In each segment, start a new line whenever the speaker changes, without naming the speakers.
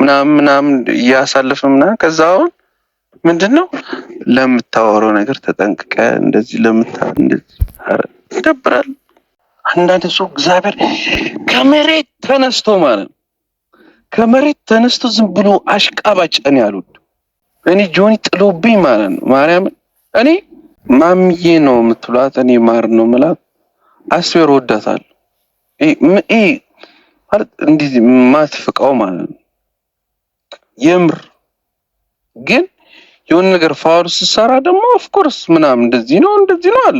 ምናምን ምናምን እያሳለፍን ምናምን ከዛ አሁን ምንድን ነው
ለምታወራው ነገር ተጠንቅቀ እንደዚህ ለምታ እንደዚህ
ይደብራል። አንዳንድ ሰው እግዚአብሔር ከመሬት ተነስቶ ማለት ነው ከመሬት ተነስቶ ዝም ብሎ አሽቃባጭ እኔ አልወድም። እኔ ጆኒ ጥሎብኝ ማለት ነው ማርያምን እኔ ማምዬ ነው የምትሏት፣ እኔ ማር ነው የምላት። አስቤር ወዳታለሁ። ይሄ ማለት እንዲህ ማትፍቀው ማለት ነው የምር ግን የሆነ ነገር ፋውል ስሰራ ደግሞ ኦፍኮርስ ምናምን እንደዚህ ነው እንደዚህ ነው አለ።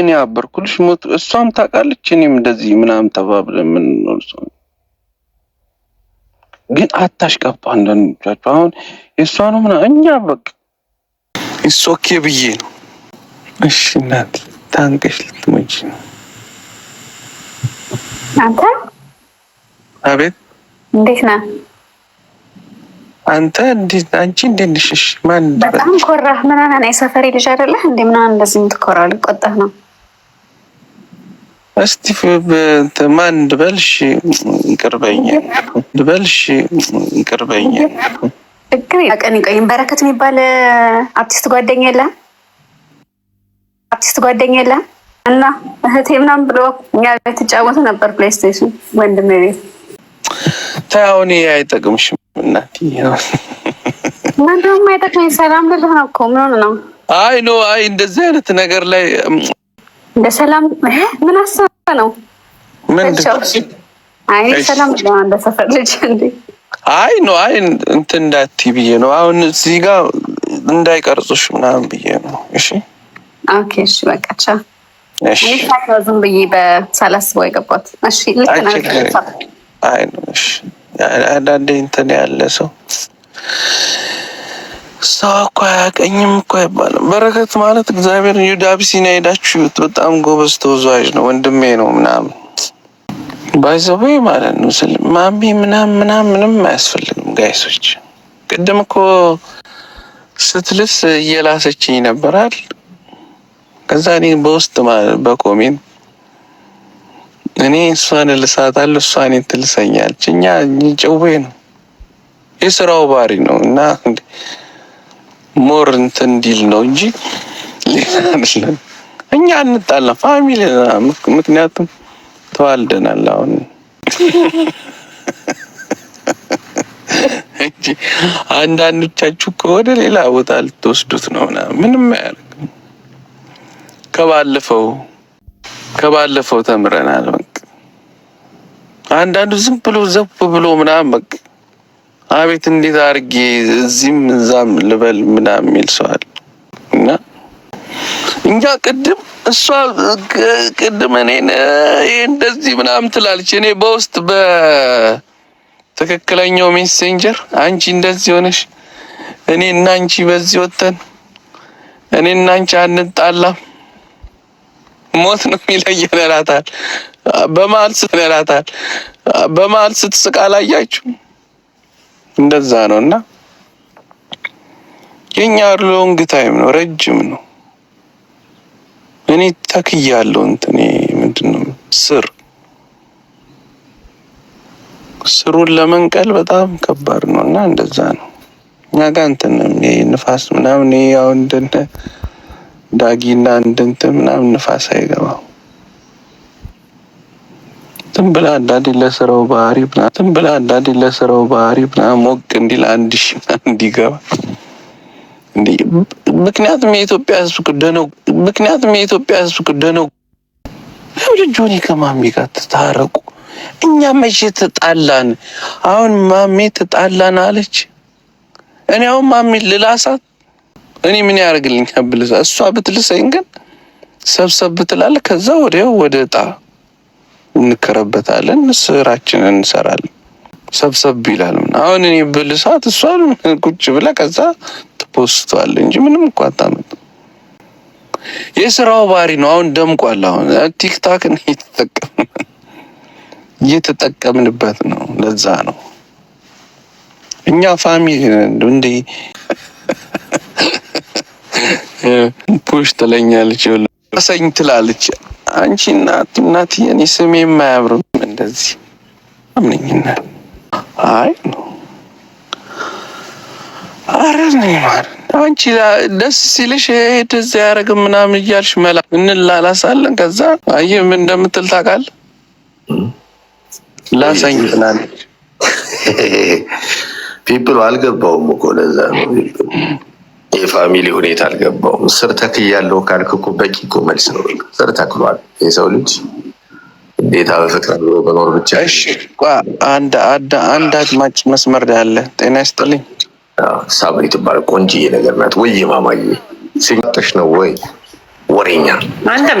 እኔ አበርኩልሽ ሞት እሷም ታውቃለች። እኔም እንደዚህ ምናምን ተባብለን የምንኖር ሰው ግን አታሽ አታሽቀብጡ። አንዳንዶቻችሁ አሁን የእሷ ነው ምና እኛ በቃ እሱ ብዬ ነው። እሺ እናት ታንቀሽ ልትመጪ ነው አንተ። አቤት እንዴት ነህ? አንተ አንቺ እንዴት ነሽ?
ማን በጣም ኮራህ ምናምን የሰፈሬ ልጅ አይደለህ እንዴ ምናምን እንደዚህ የምትኮራው ልቆጠህ ነው።
እስቲ ማን ድበልሽ ቅርበኛ ድበልሽ ቅርበኛ
ችግር ቀን ይቆይም። በረከት የሚባል አርቲስት ጓደኛ የለ አርቲስት ጓደኛ የለ እና እህቴ ምናምን ብሎ እኛ ቤት ተጫወተ ነበር ፕሌይስቴሽን ወንድሜ ቤት
ታሁን አይጠቅምሽ
አይጠቅምሽም አይጠቅመኝ? ሰላም ልልህ ነው እኮ ምን ሆነ ነው?
አይ ኖ አይ እንደዚህ አይነት ነገር ላይ
እንደ ሰላም ምን አሰበ ነው? አይ ሰላም እንደ ሰፈር ልጅ እንዴ
አይ ኖ አይ እንትን ብዬ ነው። አሁን እዚህ ጋር እንዳይቀርጹሽ ምናምን ብዬ ነው። እሺ
ኦኬ፣ እሺ በቃ ቻው። እሺ ዝም ብዬ በሳላስበው የገባት እሺ ልክ
አንዳንዴ እንትን ያለ ሰው ሰው እኮ አያቀኝም እኮ አይባልም። በረከት ማለት እግዚአብሔር ወደ አቢሲኒያ ሄዳችሁት በጣም ጎበዝ ተወዛዋዥ ነው ወንድሜ ነው ምናምን ባይዘዌ ማለት ነው ስል ማሚ ምናም ምናም ምንም አያስፈልግም። ጋይሶች ቅድም እኮ ስትልስ እየላሰችኝ ነበራል። ከዛ እኔ በውስጥ በኮሜንት እኔ እሷን እልሳታለሁ፣ እሷን እኔን ትልሰኛለች። እኛ ጭዌ ነው የስራው ባህሪ ነው እና ሞር እንትን እንዲል ነው እንጂ እኛ እንጣላ ፋሚሊ። ምክንያቱም ተዋልደናል አሁን እንጂ አንዳንዶቻችሁ ከወደ ሌላ ቦታ ልትወስዱት ነው ና ምንም አያደርግም። ከባለፈው ከባለፈው ተምረናል። አንዳንዱ ዝም ብሎ ዘብ ብሎ ምናምን በቃ አቤት እንዴት አድርጌ እዚህም እዛም ልበል ምናምን የሚል ሰው አለ እና እኛ ቅድም እሷ ቅድም እኔን እንደዚህ ምናምን ትላለች። እኔ በውስጥ በትክክለኛው ሜሴንጀር አንቺ እንደዚህ ሆነሽ እኔ እና አንቺ በዚህ ወተን እኔ እና አንቺ አንጣላም ሞት ነው የሚለየን እላታል። በመሀል ስትላታል በመሀል ስትስቃ ላያችሁ እንደዛ ነው እና የኛ ሎንግ ታይም ነው ረጅም ነው። እኔ ተክያለሁ እንትን ምንድን ነው ስር ስሩን ለመንቀል በጣም ከባድ ነው እና እንደዛ ነው። እኛ ጋር እንትን ንፋስ ምናምን ያው እንደነ ዳጊና እንድንት ምናምን ንፋስ አይገባው። ዝም ብለህ አንዳንዴ ለስራው ባህሪ ዝም ብለህ አንዳንዴ ለስራው ባህሪ ሞቅ እንዲል አንድ ሺ እንዲገባ ምክንያቱም የኢትዮጵያ ሕዝብ ደነው ምክንያቱም የኢትዮጵያ ሕዝብ ደነው ጆኒ ከማሚ ጋር ተታረቁ። እኛ መቼ ተጣላን? አሁን ማሚ ተጣላን አለች። እኔ አሁን ማሚ ልላሳት እኔ ምን ያደርግልኝ ከብልሳ እሷ ብትልሰኝ ግን ሰብሰብ ብትላል። ከዛ ወዲያው ወደ እጣ እንከረበታለን፣ ስራችንን እንሰራለን። ሰብሰብ ይላል። አሁን እኔ ብልሳት እሷን ቁጭ ብላ ከዛ ትፖስቷል እንጂ ምንም እኮ አታመጣም። የስራው ባህሪ ነው። አሁን ደምቋል። አሁን ቲክታክን እየተጠቀምንበት ነው። ለዛ ነው እኛ ፋሚሊ እንዴ ፑሽ ትለኛለች ሰኝ ትላለች። አንቺ እናት እናት የኔ ስሜ የማያብርም እንደዚህ አምነኝና አይ አረን ይማር አንቺ ደስ ሲልሽ ሄድ እዚያ ያደረግም ምናምን እያልሽ መላ እንላላሳለን። ከዛ አየህ ምን እንደምትል ታውቃለህ? ላሳኝ ትላለች።
ፒፕል አልገባውም እኮ ለዛ ነው የፋሚሊ ሁኔታ አልገባውም። ስር ተክያለሁ ካልክ እኮ በቂ እኮ መልስ ነው። ስር ተክሏል የሰው ልጅ እንዴታ በፍቅር
ብሎ በኖር ብቻ። አንድ አድማጭ መስመር ያለ አለ። ጤና ይስጥልኝ።
ሳብሪ ትባል ቆንጅዬ ነገር ናት። ወይ ማማዬ ሲጠሽ ነው ወይ ወሬኛ
አንተም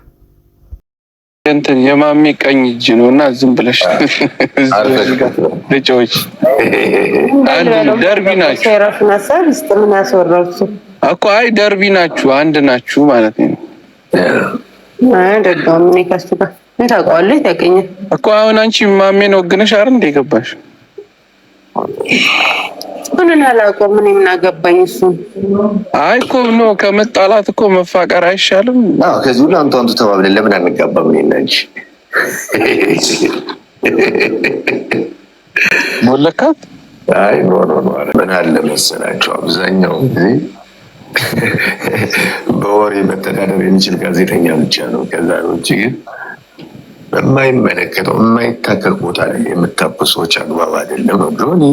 እንትን የማሚ ቀኝ እጅ ነው እና ዝም ብለሽ ልጆች ደርቢ ናችሁ እኮ። አይ ደርቢ ናችሁ፣ አንድ ናችሁ ማለት ነው እኮ። አሁን አንቺ ማሜን ወግነሽ አር እንደ ገባሽ
ምንን አላውቀውም። ምን የምናገባኝ እሱ።
አይ እኮ ኖ ከመጣላት እኮ መፋቀር አይሻልም?
ከዚህ ሁሉ አንቱ አንቱ ተባብለን ለምን አንጋባም? እኔና አንቺ ሞለካት። አይ ኖ ኖ ኖ፣ ምን አለ መሰላቸው አብዛኛው ጊዜ በወሬ መተዳደር የሚችል ጋዜጠኛ ብቻ ነው። ከዛ ውጭ ግን በማይመለከተው የማይታከቅ ቦታ ላይ የምታኩ ሰዎች አግባብ አይደለም ነው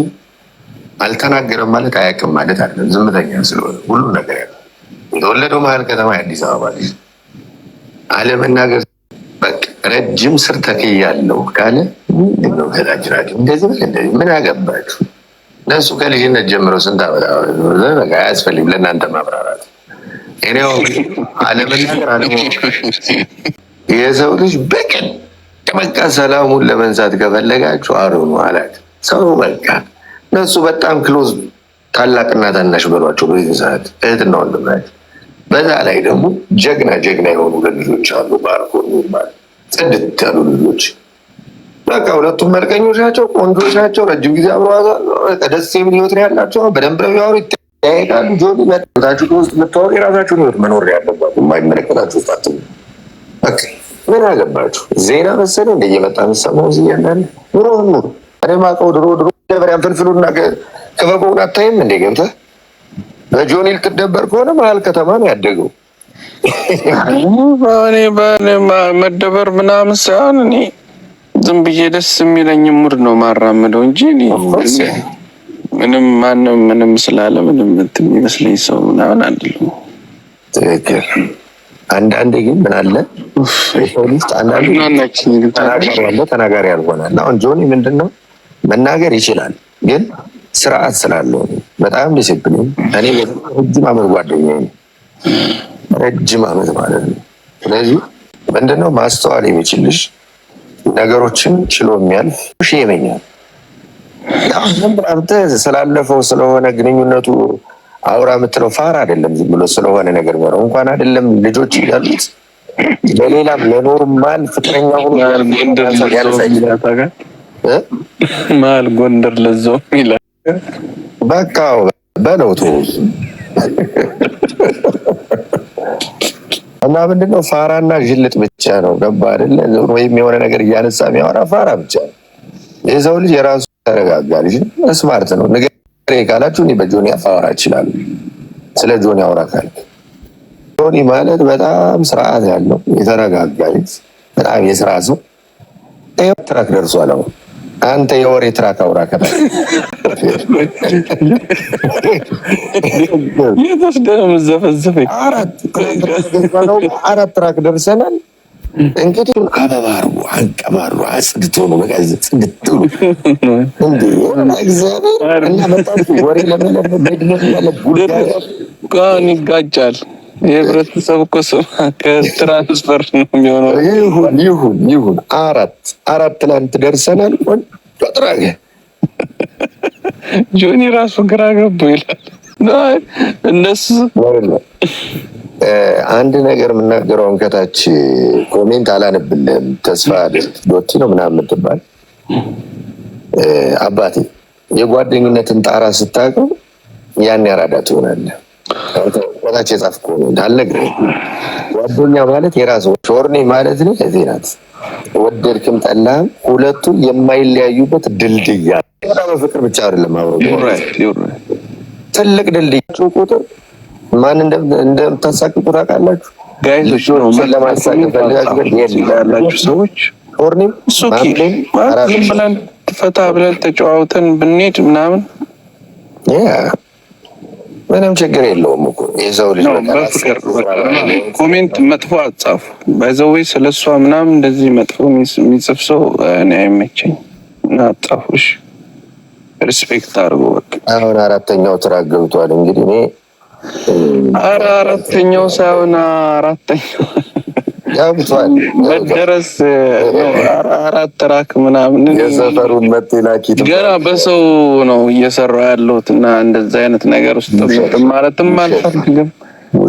አልተናገረም ማለት አያውቅም ማለት አይደለም። ዝምተኛ ስለሆነ ሁሉም ነገር ያለ የተወለደው መሀል ከተማ የአዲስ አበባ ልጅ አለመናገር ረጅም ስር ተክያለሁ ካለ ምንድነው ከታችናቸው እንደዚህ እንደዚህ ምን አገባችሁ? እነሱ ከልጅነት ጀምረው ስንት አበጣ አያስፈልግም ለእናንተ ማብራራት። እኔው አለመናገር አለመ የሰው ልጅ በቀን በቃ ሰላሙን ለመንሳት ከፈለጋችሁ አሩኑ አላት ሰው በቃ እነሱ በጣም ክሎዝ ታላቅና ታናሽ በሏቸው በዚህ ሰዓት እህትና ወንድም ናቸው። በዛ ላይ ደግሞ ጀግና ጀግና የሆኑ ልጆች አሉ። ባርኮ የሚባል ጽድት ያሉ ልጆች በቃ ሁለቱም መርቀኞች ናቸው፣ ቆንጆች ናቸው። ረጅም ጊዜ አብሮ ደስ የሚል ህይወት ነው ያላቸው። በደንብ ነው ያወሩ፣ ይጠያየቃሉ። ጆኒ መጣታችሁ ውስጥ የምታወቅ የራሳችሁን ህይወት መኖር ያለባችሁ የማይመለከታችሁ ውስጥ በቃ ምን አገባችሁ? ዜና መሰለህ እንደየመጣ የምትሰማው እዚህ እያንዳንድ ድሮ ድሮ ድሮ ነበር ፍልፍሉና ክበበውን አታይም እንደ ገብተህ በጆኒል ትደበር ከሆነ መሀል ከተማ ነው ያደገው።
እኔ መደበር ምናምን ሳይሆን እኔ ዝም ብዬ ደስ የሚለኝ ሙድ ነው ማራምደው እንጂ ምንም ማንም ምንም ስላለ ምንም እንትን የሚመስለኝ ሰው ምናምን አይደለም።
ትክክል። አንዳንዴ ግን ምን አለ ሰው ልጅ ተናጋሪ ያልሆናል። አሁን ጆኒ ምንድን ነው መናገር ይችላል ግን ስርዓት ስላለው በጣም ዲስፕሊን። እኔ ረጅም አመት ጓደኛ ረጅም አመት ማለት ነው። ስለዚህ ምንድነው ማስተዋል የሚችልሽ ነገሮችን ችሎ የሚያልፍ ሺ ይመኛል። ዝም አንተ ስላለፈው ስለሆነ ግንኙነቱ አውራ የምትለው ፋር አይደለም። ዝም ብሎ ስለሆነ ነገር መረው እንኳን አይደለም ልጆች ያሉት ለሌላም ለኖርማል ፍቅረኛ ሆኖ
ማል ጎንደር ለዛው ይላል።
በቃ በለው እና ምንድነው ፋራና ዥልጥ ብቻ ነው። ገባ አይደለ? ወይም የሆነ ነገር እያነሳ የሚያወራ ፋራ ብቻ ነው። የሰው ልጅ የራሱ ተረጋጋል። ስማርት ነው። ንገሬ ካላችሁ እኔ በጆኒ አወራ ይችላሉ። ስለ ጆኒ አውራ ካል ጆኒ ማለት በጣም ስርዓት ያለው የተረጋጋ በጣም የስራ ሰው ትራክ ደርሷል አሁን አንተ የወሬ ትራክ አውራ ከታ አራት ትራክ ደርሰናል። እንግዲህ
አበባሩ አንቀባሩ አጽድቶ ነው በቃ ጽድቶ ነው እንዴ እግዚአብሔር እና በጣም ወሬ ለመለመ ይጋጫል። የህብረተሰብ እኮ ስም ከትራንስፈር ነው
የሚሆነው። ይሁን ይሁን ይሁን። አራት አራት ትላንት ደርሰናል።
ቆንጆ ጥራገ ጆኒ ራሱ ግራ ገቡ ይላል። እነሱ
አንድ ነገር የምናገረውን ከታች ኮሜንት አላነብልም። ተስፋ ዶቲ ነው ምናምን የምትባል አባቴ የጓደኝነትን ጣራ ስታቀው ያን ያራዳ ትሆናለህ። በታች የጻፍኩ እንዳለግ ጓደኛ ማለት የራስ ሾርኔ ማለት ነው። እዚህ ናት ወደድክም ጠላህም ሁለቱም የማይለያዩበት ድልድያ አለ። በፍቅር ብቻ አይደለም አብሮ ትልቅ ድልድይ ቁጥር ማን እንደምታሳቅቁ ታውቃላችሁ።
ሰዎች ፈታ ብለን ተጫዋውተን ብንሄድ ምናምን
ምንም ችግር የለውም እኮ የሰው ልጅ
ኮሜንት መጥፎ አጻፉ ባይዘዌ ስለ እሷ ምናምን እንደዚህ መጥፎ የሚጽፍ ሰው እኔ አይመቸኝ እና አጻፉሽ ሪስፔክት አድርጎ በቃ
አሁን አራተኛው ትራክ ገብቷል። እንግዲህ እኔ
አረ አራተኛው ሳይሆን አራተኛው መደረስ አራት ራክ ምናምን የሰፈሩን መጤላኪ ገና በሰው ነው እየሰራ ያለሁት እና እንደዛ አይነት ነገር ውስጥ ማለትም አልፈልግም፣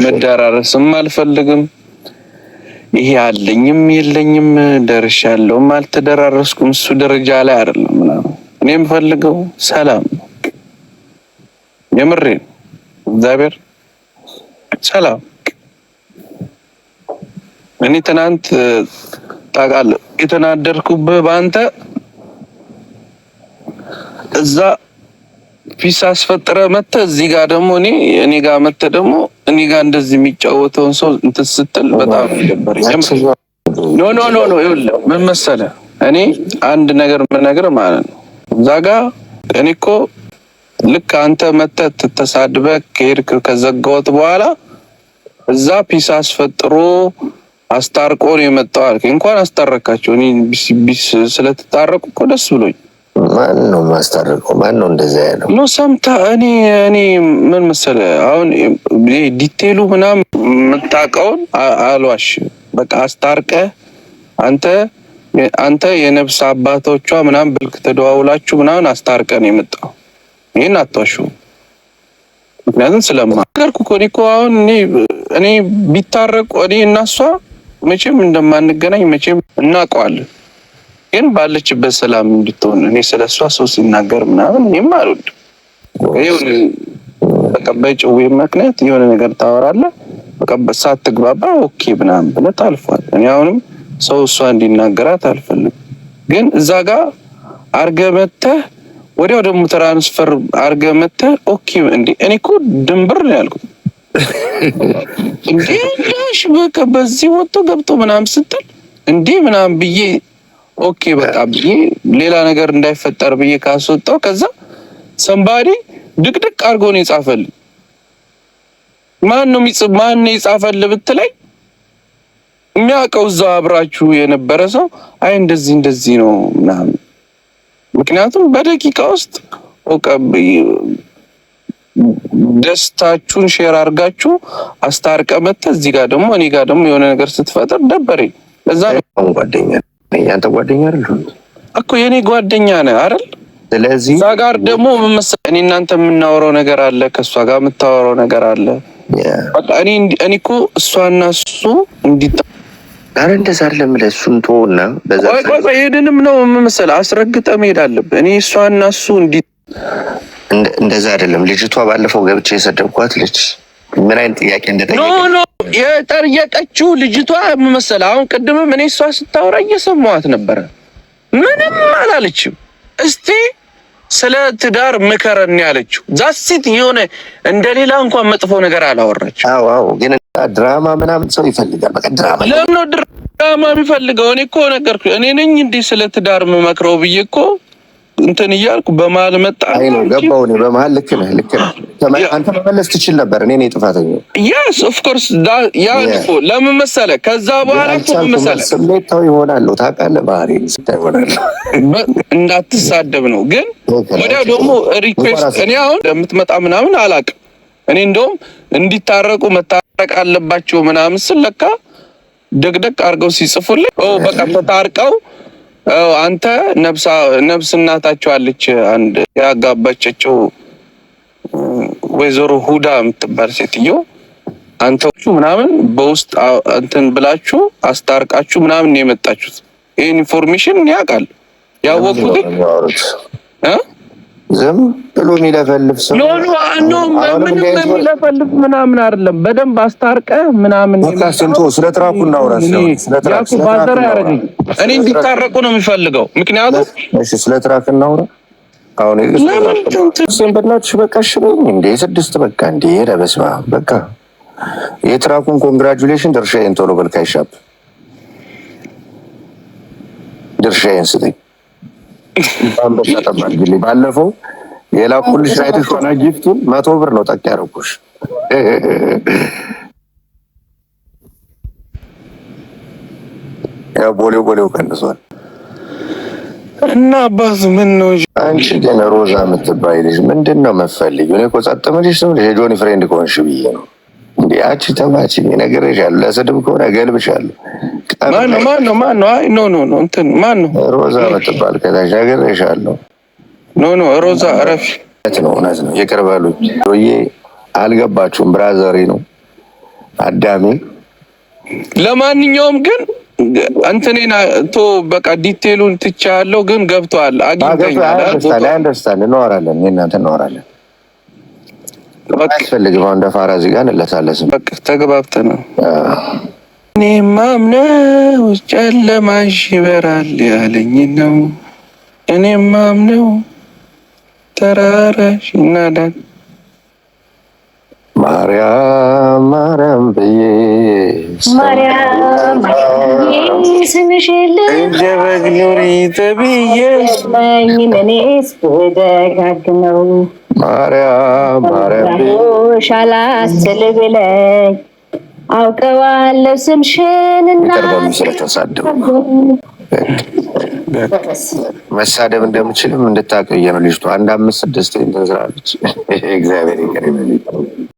መደራረስም አልፈልግም። ይሄ አለኝም የለኝም ያለውም አልተደራረስኩም እሱ ደረጃ ላይ አይደለም ምናምን። እኔ የምፈልገው ሰላም ነው። የምሬን እግዚአብሔር ሰላም እኔ ትናንት ታውቃለህ የተናደርኩብህ በአንተ እዛ ፒስ አስፈጥረ መተ እዚህ ጋር ደግሞ እኔ እኔ ጋር መተ ደግሞ እኔ ጋር እንደዚህ የሚጫወተውን ሰው እንትን ስትል በጣም ነበር። ኖ ኖ ኖ ኖ ይኸውልህ ምን መሰለህ እኔ አንድ ነገር የምነግርህ ማለት ነው እዛ ጋር እኔ እኮ ልክ አንተ መተ ትተሳድበህ ከሄድክ ከዘጋሁት በኋላ እዛ ፒስ አስፈጥሮ አስታርቆ ነው የመጣው አልከኝ። እንኳን አስታረካቸው። እኔ ቢስ ስለተጣረቁ እኮ ደስ ብሎኝ።
ማን ነው ማስታረቀው? ማን ነው እንደዛ ያለው?
ኖ ሰምታ እኔ እኔ ምን መሰለ አሁን ዲቴሉ ምናም የምታውቀውን አልዋሽ። በቃ አስታርቀ አንተ አንተ የነፍስ አባቶቿ ምናም ብልክ ተደዋውላችሁ ምናምን አስታርቀ ነው የመጣው። ይህን አትዋሹ። ምክንያቱም ስለማ ነገርኩ እኮ እኔ እኮ አሁን እኔ ቢታረቁ እኔ እናሷ መቼም እንደማንገናኝ መቼም እናውቀዋለን። ግን ባለችበት ሰላም እንድትሆን እኔ ስለ እሷ ሰው ሲናገር ምናምን እኔም አልወድም። ይሁን በቃ ጭዌ ምክንያት የሆነ ነገር ታወራለህ፣ በቃ ትግባባ ኦኬ ምናምን ብለህ ታልፋለህ። እኔ አሁንም ሰው እሷ እንዲናገራት አልፈልግም። ግን እዛ ጋር አድርገህ መተህ ወዲያው ደግሞ ትራንስፈር አድርገህ መተህ ኦኬ እንዲ እኔ እኮ ድንብር ነው ያልኩት። እንዴሽ ሽ በቃ በዚህ ወጥቶ ገብቶ ምናምን ስትል እንዴ ምናምን ብዬ ኦኬ በቃ ብዬ ሌላ ነገር እንዳይፈጠር ብዬ ካስወጣው ከዛ ሰንባዴ ድቅድቅ አድርጎ ነው የጻፈልኝ። ማን ነው የሚጽፍ ማን ነው የጻፈል ብትለኝ የሚያውቀው እዛው አብራችሁ የነበረ ሰው አይ እንደዚህ እንደዚህ ነው ምናምን ምክንያቱም በደቂቃ ውስጥ ደስታችሁን ሼር አድርጋችሁ አስታርቀ መተ እዚህ ጋር ደግሞ እኔ ጋር ደግሞ የሆነ ነገር ስትፈጥር ደበረኝ።
እዛ ነው ጓደኛ አንተ ጓደኛ አይደል
እኮ የእኔ ጓደኛ ነህ አይደል? ስለዚህ እዛ ጋር ደግሞ እኔ እናንተ የምናወራው ነገር አለ፣ ከእሷ ጋር የምታወራው ነገር አለ። እኔ እኮ እሷና እሱ እንዲጣ
ጋር እንደዛ አለ ምለ እሱን ተወና
በዛ ቆይ ይሄንንም ነው የምመስል አስረግጠ መሄድ አለብህ። እኔ እሷና እሱ እንዲ
እንደዛ አይደለም። ልጅቷ ባለፈው ገብቼ የሰደብኳት ልጅ
ምን አይነት ጥያቄ እንደጠየቀ የጠየቀችው ልጅቷ መሰለ። አሁን ቅድምም እኔ እሷ ስታወራ እየሰማዋት ነበረ። ምንም አላለችም። እስቲ ስለ ትዳር ምከረን ያለችው ዛሲት የሆነ እንደሌላ እንኳን መጥፎ ነገር አላወራችም።
አዎ አዎ፣ ግን ድራማ ምናምን ሰው ይፈልጋል። በቃ ድራማ ለምን
ድራማ የሚፈልገው? እኔ እኮ ነገርኩ። እኔ ነኝ እንዲህ ስለ ትዳር ምመክረው ብዬ እኮ እንትን እያልኩ በመሀል መጣ አይ
ነው ገባው። ነው በመሀል ልክ ነህ፣ ልክ ነህ። አንተ መመለስ ትችል ነበር። እኔ ነኝ ጥፋተኛ።
ያስ ኦፍ ኮርስ ያ እኮ ለምን መሰለ ከዛ በኋላ
መሰለህ ስሜታዊ ይሆናለሁ ታውቃለህ፣ ባህሪ
ይሆናለሁ። እንዳትሳደብ ነው ግን ወዲያ ደግሞ ሪኩዌስት እኔ አሁን እንደምትመጣ ምናምን አላውቅም። እኔ እንደውም እንዲታረቁ መታረቅ አለባቸው ምናምን ስለካ ለካ ደግደግ አድርገው ሲጽፉልኝ በቃ ተታርቀው አንተ ነብስ እናታቸው አለች አንድ ያጋባቻቸው ወይዘሮ ሁዳ የምትባል ሴትዮ አንተቹ ምናምን በውስጥ እንትን ብላችሁ አስታርቃችሁ ምናምን ነው የመጣችሁት። ይህን ኢንፎርሜሽን ያውቃል
ያወቁት ዝም ብሎ የሚለፈልፍ ሰው
ኖ ምንም የሚለፈልፍ ምናምን አይደለም። በደንብ አስታርቀ ምናምን
ስንቶ ስለ ትራኩ እናውራ።
ባዘር ያደረገኝ እኔ እንዲታረቁ ነው ምክንያቱም
ስለ ትራክ እናውራ። አሁን በናትሽ በቃ እንዴ ስድስት በቃ እንዴ ረበስማ በቃ የትራኩን ኮንግራጁሌሽን ድርሻዬን ቶሎ በልካ ይሻብ ድርሻዬን ስጠኝ አንበሳ ተባልግልኝ። ባለፈው የላኩልሽ ራይትሽ ሆነ ጊፍቱን መቶ ብር ነው ጠቅ ያደረኩሽ። ያው ቦሌው ቦሌው ቀንሷል
እና አባቱ ምን ነው
አንቺ ግን ሮዛ የምትባይ ልጅ ምንድን ነው መፈልግ? እኔ እኮ ጸጥ ምልሽ ነው የጆኒ ፍሬንድ ከሆንሽ ብዬ ነው እንዲ። ያቺ ተማች ነገርሽ አሉ ለስድብ ከሆነ ገልብሻለሁ
ማን ማን ነው ማን ነው? አይ ኖ ኖ ኖ እንትን ነው?
ሮዛ የምትባል ከተሻገረሻለሁ።
ኖ ኖ ሮዛ እረፊ።
ነው እውነት ነው። ይቅር በሉኝ። ሮዬ አልገባችሁም። ብራዘሪ ነው አዳሜ።
ለማንኛውም ግን እንትኔን ቶ በቃ ዲቴሉን ትቻለው፣ ግን ገብተዋል።
አግኝተኛል። አንደርስታንድ እናወራለን፣ እናንተ እናወራለን። አያስፈልግም። አሁን እንደ ፋራ እዚህ ጋር እንለሳለስም። በቃ
ተግባብተናል። እኔም አምነው ጨለማሽ ይበራል ያለኝ ነው። እኔም አምነው ተራራሽ ይናዳል ማርያም ማርያም ብዬ
ስምሽ እንደ
ተብዬ ማርያም ማርያም
ብዬሽ አላስችል ብለኝ አውቀዋለሁ ስምሽን
መሳደብ እንደምችልም እንድታቀየ ነው ልጅቷ። አንድ አምስት ስድስት ተንዝራለች። እግዚአብሔር ይቅር ይበል።